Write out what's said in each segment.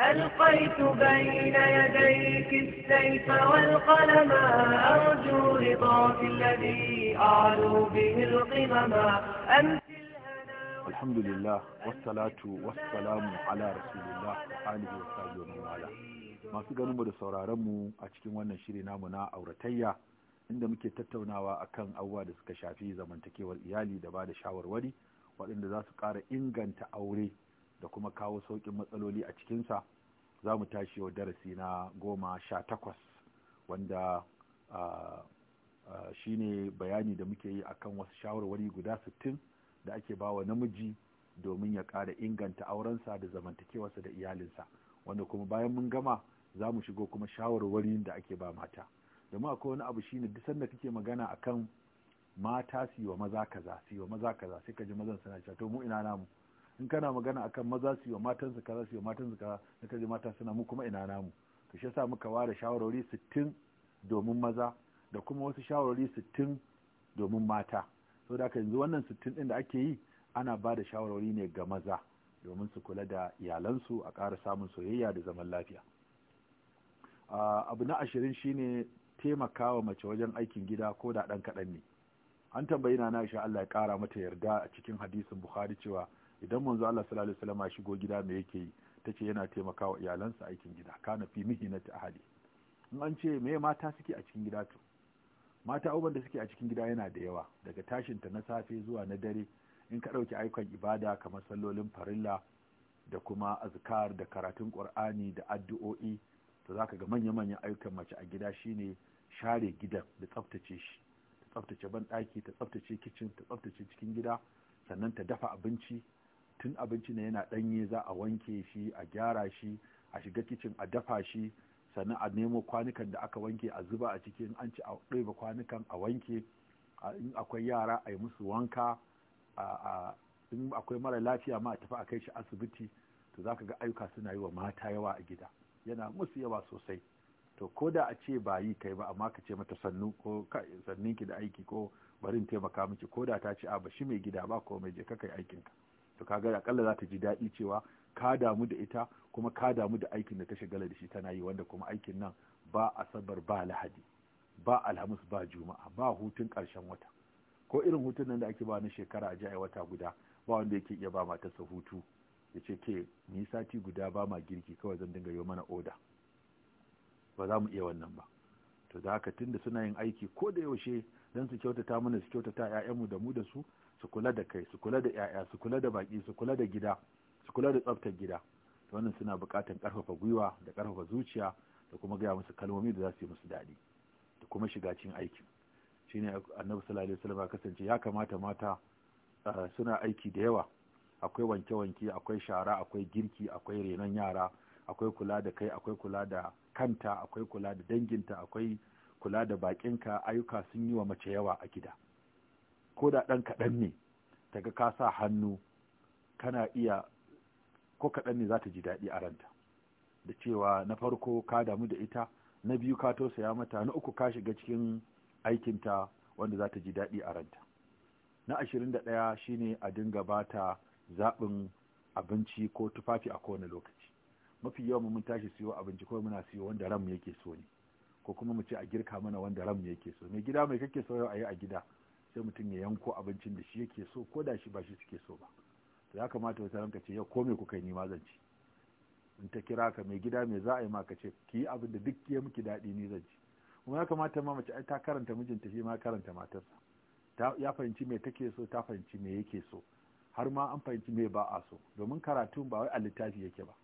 ألقيت بين يديك السيف والقلم أرجو رضاك الذي أعلو به القمم أنت الحمد لله والصلاة والسلام على رسول الله وآله وصحبه ومن والاه في ganinmu da sauraronmu a cikin wannan shiri namu na auratayya inda muke tattaunawa akan awwa da suka shafi zamantakewar iyali da ba da shawarwari waɗanda za su ƙara inganta aure da kuma kawo saukin matsaloli a cikinsa za mu tashi wa darasi na goma sha takwas wanda shi ne bayani da muke yi akan wasu shawarwari guda sittin da ake ba wa namiji domin ya ƙara inganta aurensa da zamantakewarsa da iyalinsa wanda kuma bayan mun gama za mu shigo kuma shawarwari da ake ba mata domin akwai wani abu shine duk sanda kake magana akan mata su yi wa maza kaza su yi wa maza kaza sai ka ji mazan suna cewa to mu ina namu in kana magana akan maza su yi wa matan su kaza su yi wa matan su kaza na kaje mata suna mu kuma ina namu to shi yasa muka ware shawarwari 60 domin maza da kuma wasu shawarwari 60 domin mata so da yanzu wannan 60 din da ake yi ana ba da shawarwari ne ga maza domin su kula da iyalansu a ƙara samun soyayya da zaman lafiya abu na ashirin shine taimakawa mace wajen aikin gida ko da ɗan kaɗan ne an tambayi na na Allah ya ƙara mata yarda a cikin hadisin Bukhari cewa idan manzo Allah sallallahu alaihi wasallam shigo gida me yake yi tace yana taimakawa iyalansa aikin gida kana fi mihinati ahli in an ce me mata suke a cikin gida to mata uban da suke a cikin gida yana da yawa daga tashin ta na safe zuwa na dare in ka dauki ayyukan ibada kamar sallolin farilla da kuma azkar da karatun qur'ani da addu'o'i to zaka ga manya-manyan ayyukan mace a gida shine share gidan da tsaftace shi ta tsaftace banɗaki ta tsaftace kicin ta tsaftace cikin gida sannan ta dafa abinci tun abinci ne yana ɗanye za a wanke shi a gyara shi a shiga kicin a dafa shi sannan a nemo kwanukan da aka wanke a zuba a ciki in an ci a ɗaiba kwanukan a wanke in akwai yara a yi musu wanka in akwai mara lafiya ma a tafi a kai shi asibiti to za ka ga ayyuka suna yi wa mata yawa a gida yana musu yawa sosai to ko da a ce ba yi kai ba amma ka ce mata sannu ko sanninki da aiki ko barin taimaka miki ko da ta ce a ba shi mai gida ba ko mai je ka kai aikinka to kaga akalla za ta ji daɗi cewa ka damu da ita kuma ka damu da aikin da ta shagala da shi tana yi wanda kuma aikin nan ba asabar ba lahadi ba alhamis ba juma'a ba hutun ƙarshen wata ko irin hutun nan da ake ba na shekara a jiya wata guda ba wanda yake iya ba matarsa hutu ya ce ke ni sati guda ba ma girki kawai zan dinga yi mana oda ba za mu iya wannan ba to da haka tunda suna yin aiki ko da yaushe don su kyautata mana su kyautata 'ya'yanmu da mu da su su kula da kai su kula da 'ya'ya su kula da baki su kula da gida su kula da tsaftar gida wannan suna buƙatar ƙarfafa gwiwa da ƙarfafa zuciya da kuma gaya musu kalmomi da za su yi musu daɗi da kuma shiga cikin aikin shine annabi sallallahu alaihi wasallam kasance ya kamata mata suna aiki da yawa akwai wanke-wanke akwai shara akwai girki akwai renon yara akwai kula da kai akwai kula da kanta akwai kula da danginta akwai kula da bakinka ayyuka sun yi wa mace yawa a gida ko da ɗan kaɗan ne ta ga ka sa hannu kana iya ko kaɗan ne za ta ji daɗi a ranta da cewa na farko ka damu da ita na biyu ka tausaya mata na uku ka shiga cikin aikinta wanda za ta ji daɗi a ranta na ashirin da ɗaya shine a dinga ba ta zaɓin abinci ko tufafi a kowane lokaci mafi yawan mun tashi siyo abinci ko muna siyo wanda ranmu yake so ne ko kuma mu ce a girka mana wanda ranmu yake so mai gida mai kake so yau a yi a gida sai mutum ya yanko abincin da shi yake so ko da shi ba shi suke so ba to ya kamata wata ranka ce ya kome ku kai ni ma zan ci in ta kira ka mai gida mai za a yi ma ka ce ki yi abin da duk ya miki daɗi ni zan ci kuma ya kamata ma mace ai ta karanta mijinta shi ma karanta matarsa ya fahimci me take so ta fahimci me yake so har ma an fahimci me ba a so domin karatun ba wai a littafi yake ba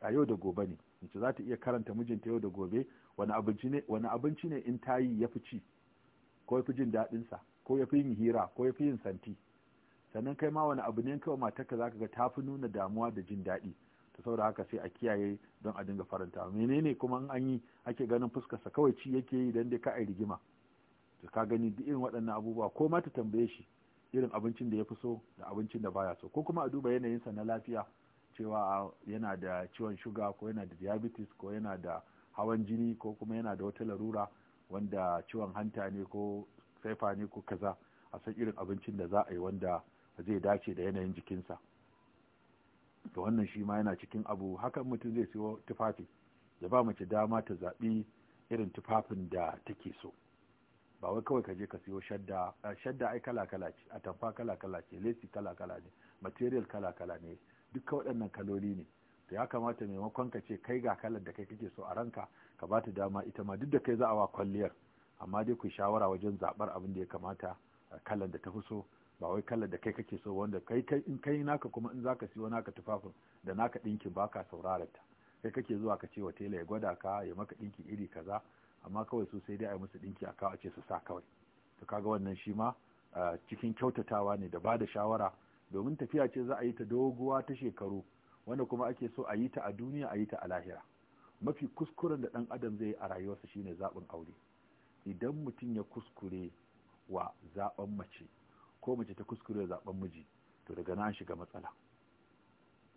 a yau da gobe ne mace za ta iya karanta mijinta yau da gobe wani abinci ne in ta yi ya fi ci ko fi jin daɗinsa ko ya fi yin hira ko ya fi yin santi sannan kai ma wani abu ne wa matarka za ka ga ta fi nuna damuwa da jin daɗi ta saboda haka sai a kiyaye don a dinga faranta menene kuma in an yi ake ganin fuskar sa kawai ci yake yi dan dai ka ai rigima to ka gani duk irin waɗannan abubuwa ko ma ta tambaye shi irin abincin da ya fi so da abincin da baya so ko kuma a duba yanayin sa na lafiya cewa ah, yana da ciwon shuga ko yana da diabetes ko yana da hawan jini ko kuma yana da wata larura wanda ciwon hanta ne ko sai ko kaza a san irin abincin da za a yi wanda zai dace da yanayin jikinsa to wannan shi ma yana cikin abu hakan mutum zai siyo tufafi ya ba mace dama ta zaɓi irin tufafin da take so ba wai kawai ka je ka siyo shadda shadda ai kala kala ce atamfa kala kala ce lesi kala kala ne material kala kala ne duka waɗannan kaloli ne to ya kamata maimakon ka ce kai ga kalar da kai kake so a ranka ka ba ta dama ita ma duk da kai za a wa kwalliyar amma dai ku shawara wajen zaɓar abin da ya kamata kallon da ta fi so ba wai kallon da kai kake so wanda kai kai in kai naka kuma in zaka siyo naka tufafin da naka ɗinkin baka saurarar ta kai kake zuwa ka ce wa tela ya gwada ka ya maka ɗinki iri kaza amma kawai so sai dai a yi musu ɗinki a kawo ce su sa kawai to kaga wannan shi ma cikin kyautatawa ne da bada shawara domin tafiya ce za a yi ta doguwa ta shekaru wanda kuma ake so a yi ta a duniya a yi ta a lahira mafi kuskuren da ɗan adam zai yi a rayuwarsa shine zaɓin aure idan mutum ya kuskure wa zaɓen mace ko mace ta kuskure zaɓen miji to daga nan shiga matsala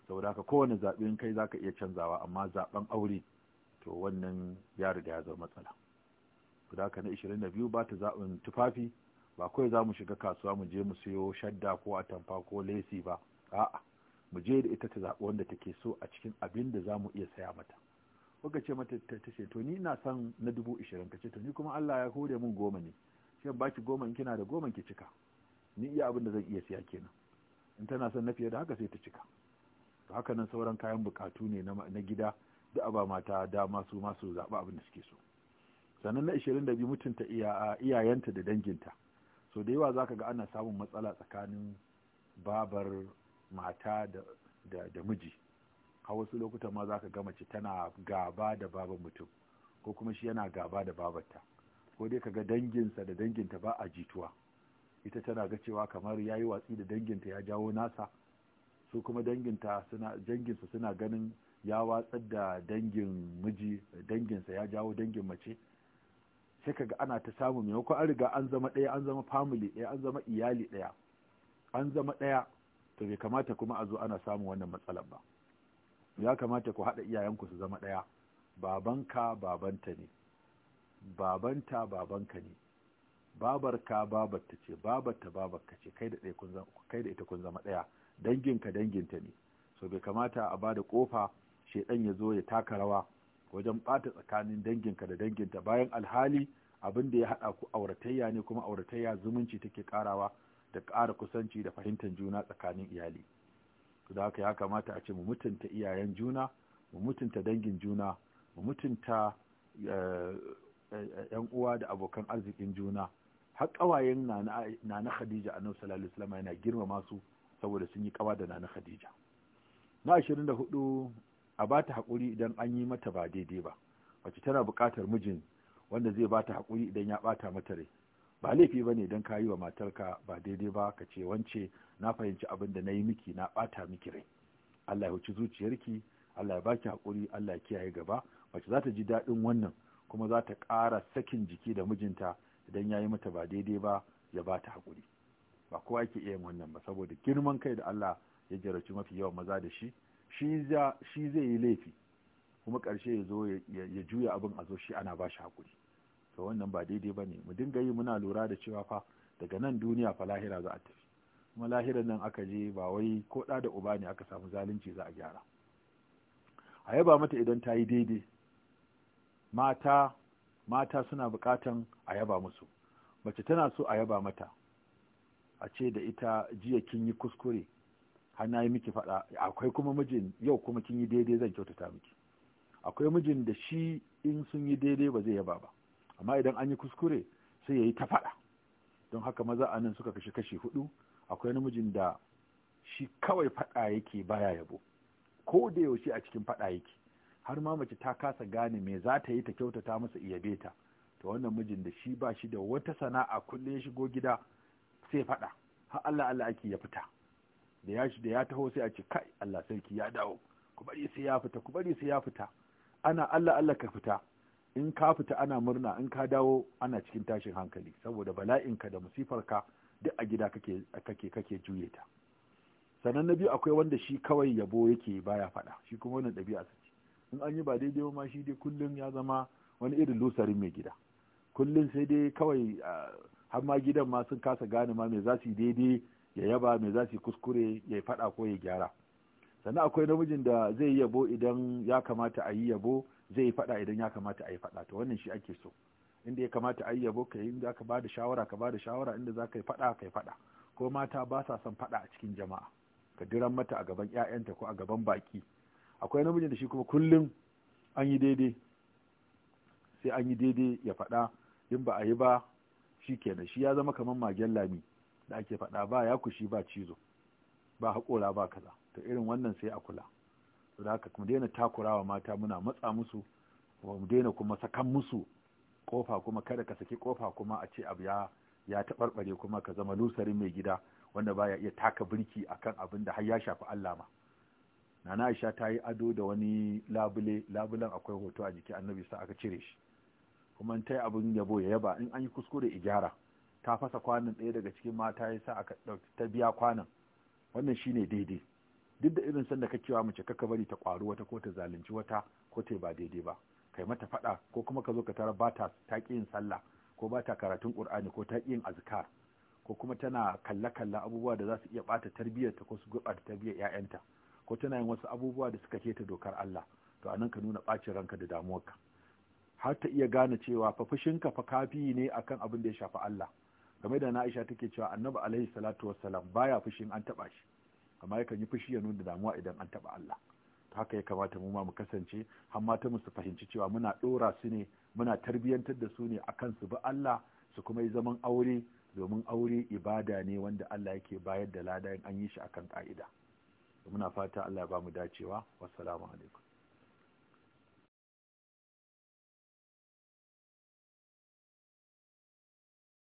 saboda haka kowane zaɓen kai kai zaka iya canzawa amma zaɓen aure to wannan ya riga ya zama matsala saboda haka na 22 ba ta tufafi ba kawai za mu shiga kasuwa mu je mu siyo shadda ko atamfa ko lesi ba a'a mu je da ita ta zaɓi wanda take so a cikin abin da za mu iya saya mata muka ce mata ta ce to ni ina son na dubu ishirin ka ce to ni kuma Allah ya hore mun goma ne shan ba ki goma in kina da goma ki cika ni iya abin da zan iya siya kenan in tana son na fiye da haka sai ta cika to haka nan sauran kayan bukatu ne na gida duk ba mata dama su masu zaɓa abin da suke so sannan na ishirin da biyu mutunta iyayenta da danginta so da yawa za ka ga ana samun matsala tsakanin babar mata da miji a wasu lokutan ma za ka ga mace tana gaba da baban mutum ko kuma shi yana gaba da babarta ko dai kaga danginsa da danginta ba a jituwa ita tana ga cewa kamar ya yi watsi da danginta ya jawo nasa su kuma danginta suna danginsa suna ganin ya watsar da dangin miji danginsa ya jawo dangin mace sai kaga ana ta samu maimakon an riga an zama ɗaya an zama family ɗaya an zama iyali ɗaya an zama ɗaya to bai kamata kuma a zo ana samun wannan matsalar ba ya kamata ku haɗa iyayenku su zama ɗaya babanka babanta ne babanta babanka ne babarka babarta ce babarta babarka ce kai da ita kun zama ɗaya danginka danginta ne so bai kamata a bada ƙofa shaidan ya zo ya taka rawa wajen ɓata tsakanin danginka da danginta bayan alhali abin da ya haɗa ku auratayya ne kuma auratayya zumunci take ƙarawa da ƙara kusanci da fahimtar juna tsakanin iyali su da haka ya kamata a ce mu mutunta iyayen juna mu mutunta dangin juna mu mutunta eh, eh, eh, yan uwa da abokan arzikin juna har na nana khadija a sallallahu alaihi wasallam yana girmama su saboda sun yi kawa da nana khadija na 24 a ba ta haƙuri idan an yi mata ba daidai ba wacce tana buƙatar mijin wanda zai ba ta haƙuri idan ya ɓata mata rai ba laifi ba ne don kayi yi wa matarka ba daidai ba ka ce wance na fahimci abin da na yi miki na ɓata miki rai Allah ya huci zuciyarki Allah ya baki haƙuri Allah ya kiyaye gaba mace za ta ji daɗin wannan kuma za ta ƙara sakin jiki da mijinta idan ya yi mata ba daidai ba ya ba ta haƙuri ba kowa yake iya wannan ba saboda girman kai da Allah ya jarabci mafi yawan maza da shi shi zai yi laifi kuma ƙarshe ya zo ya juya abin a zo shi ana ba shi haƙuri to wannan ba daidai ba ne mu dinga yi muna lura da cewa fa daga nan duniya fa lahira za a tafi kuma lahirar nan aka je ba wai ko ɗa da uba ne aka samu zalunci za a gyara a yaba mata idan ta yi daidai mata mata suna buƙatan a yaba musu mace tana so a yaba mata a ce da ita jiya kin yi kuskure har na yi miki faɗa akwai kuma mijin yau kuma kin yi daidai zan kyautata miki akwai mijin da shi in sun yi daidai ba zai yaba ba amma idan an yi kuskure sai ya yi ta faɗa don haka maza a nan suka kashe kashi hudu akwai namijin da shi kawai faɗa yake baya yabo ko da yaushe a cikin faɗa yake har ma mace ta kasa gane me za ta yi ta kyautata masa iya ta to wannan mijin da shi ba shi da wata sana'a kullum ya shigo gida sai faɗa har Allah Allah ake ya fita da ya da ya taho sai a ce kai Allah sarki ya dawo ku bari sai ya fita ku bari sai ya fita ana Allah Allah ka fita in ka fita ana murna in ka dawo ana cikin tashin hankali saboda bala'inka da musifarka duk a gida kake kake kake juye ta sannan na biyu akwai wanda shi kawai yabo yake baya faɗa shi kuma wannan ɗabi'a ce in an yi ba daidai ma shi dai kullum ya zama wani irin lusarin mai gida kullum sai dai kawai har ma gidan ma sun kasa gane ma me za su yi daidai ya yaba me za su yi kuskure ya faɗa ko ya gyara sannan akwai namijin da zai yi yabo idan ya kamata a yi yabo zai yi fada idan ya kamata a yi faɗa to wannan shi ake so inda ya kamata a yi yabo ka yi inda ba bada shawara ka bada shawara inda za ka yi fada ka yi fada ko mata ba sa son fada a cikin jama'a ka diran mata a gaban 'ya'yanta ko a gaban baki akwai namijin da shi kuma kullum an yi daidai sai an yi daidai ya fada in ba a yi ba shi kenan shi ya zama kamar magen lami da ake fada ba ya kushi ba cizo ba haƙora ba kaza to irin wannan sai a kula to da haka kuma daina takurawa mata muna matsa musu mu daina kuma sakan musu kofa kuma kada ka saki kofa kuma a ce abu ya ya taɓarɓare kuma ka zama lusarin mai gida wanda baya iya taka birki akan abin da har ya shafi Allah ma Nana Aisha ta yi ado da wani labule labulen akwai hoto a jiki Annabi sai aka cire shi kuma ta yi abin yabo ya yaba in an yi kuskure igyara ta fasa kwanan ɗaya daga cikin mata ya sa aka ta biya kwanan wannan shi ne daidai duk da irin sanda ka wa mace kaka bari ta ƙwaro wata ko ta zalunci wata ko ta ba daidai ba kai mata faɗa, ko kuma ka zo ka tara bata ta ƙi yin sallah ko ba ta karatun ƙur'ani ko ta ƙi yin azkar ko kuma tana kalle kalle abubuwa da za su iya bata tarbiyyarta ta ko su ta tarbiyyar ƴaƴanta ko tana yin wasu abubuwa da suka keta dokar Allah to anan ka nuna bacin ranka da damuwarka har ta iya gane cewa fa fa kafi ne akan abin da ya shafi Allah game da Aisha take cewa Annabi alaihi salatu wassalam baya fushin an taba shi amma yakan yi fushi ya nuna damuwa idan an taba Allah haka ya kamata mu ma mu kasance har mata mu su fahimci cewa muna dora su ne muna tarbiyantar da su ne akan su bi Allah su kuma yi zaman aure domin aure ibada ne wanda Allah yake bayar da lada in an yi shi akan ka'ida muna fata Allah ya ba mu dacewa wassalamu alaikum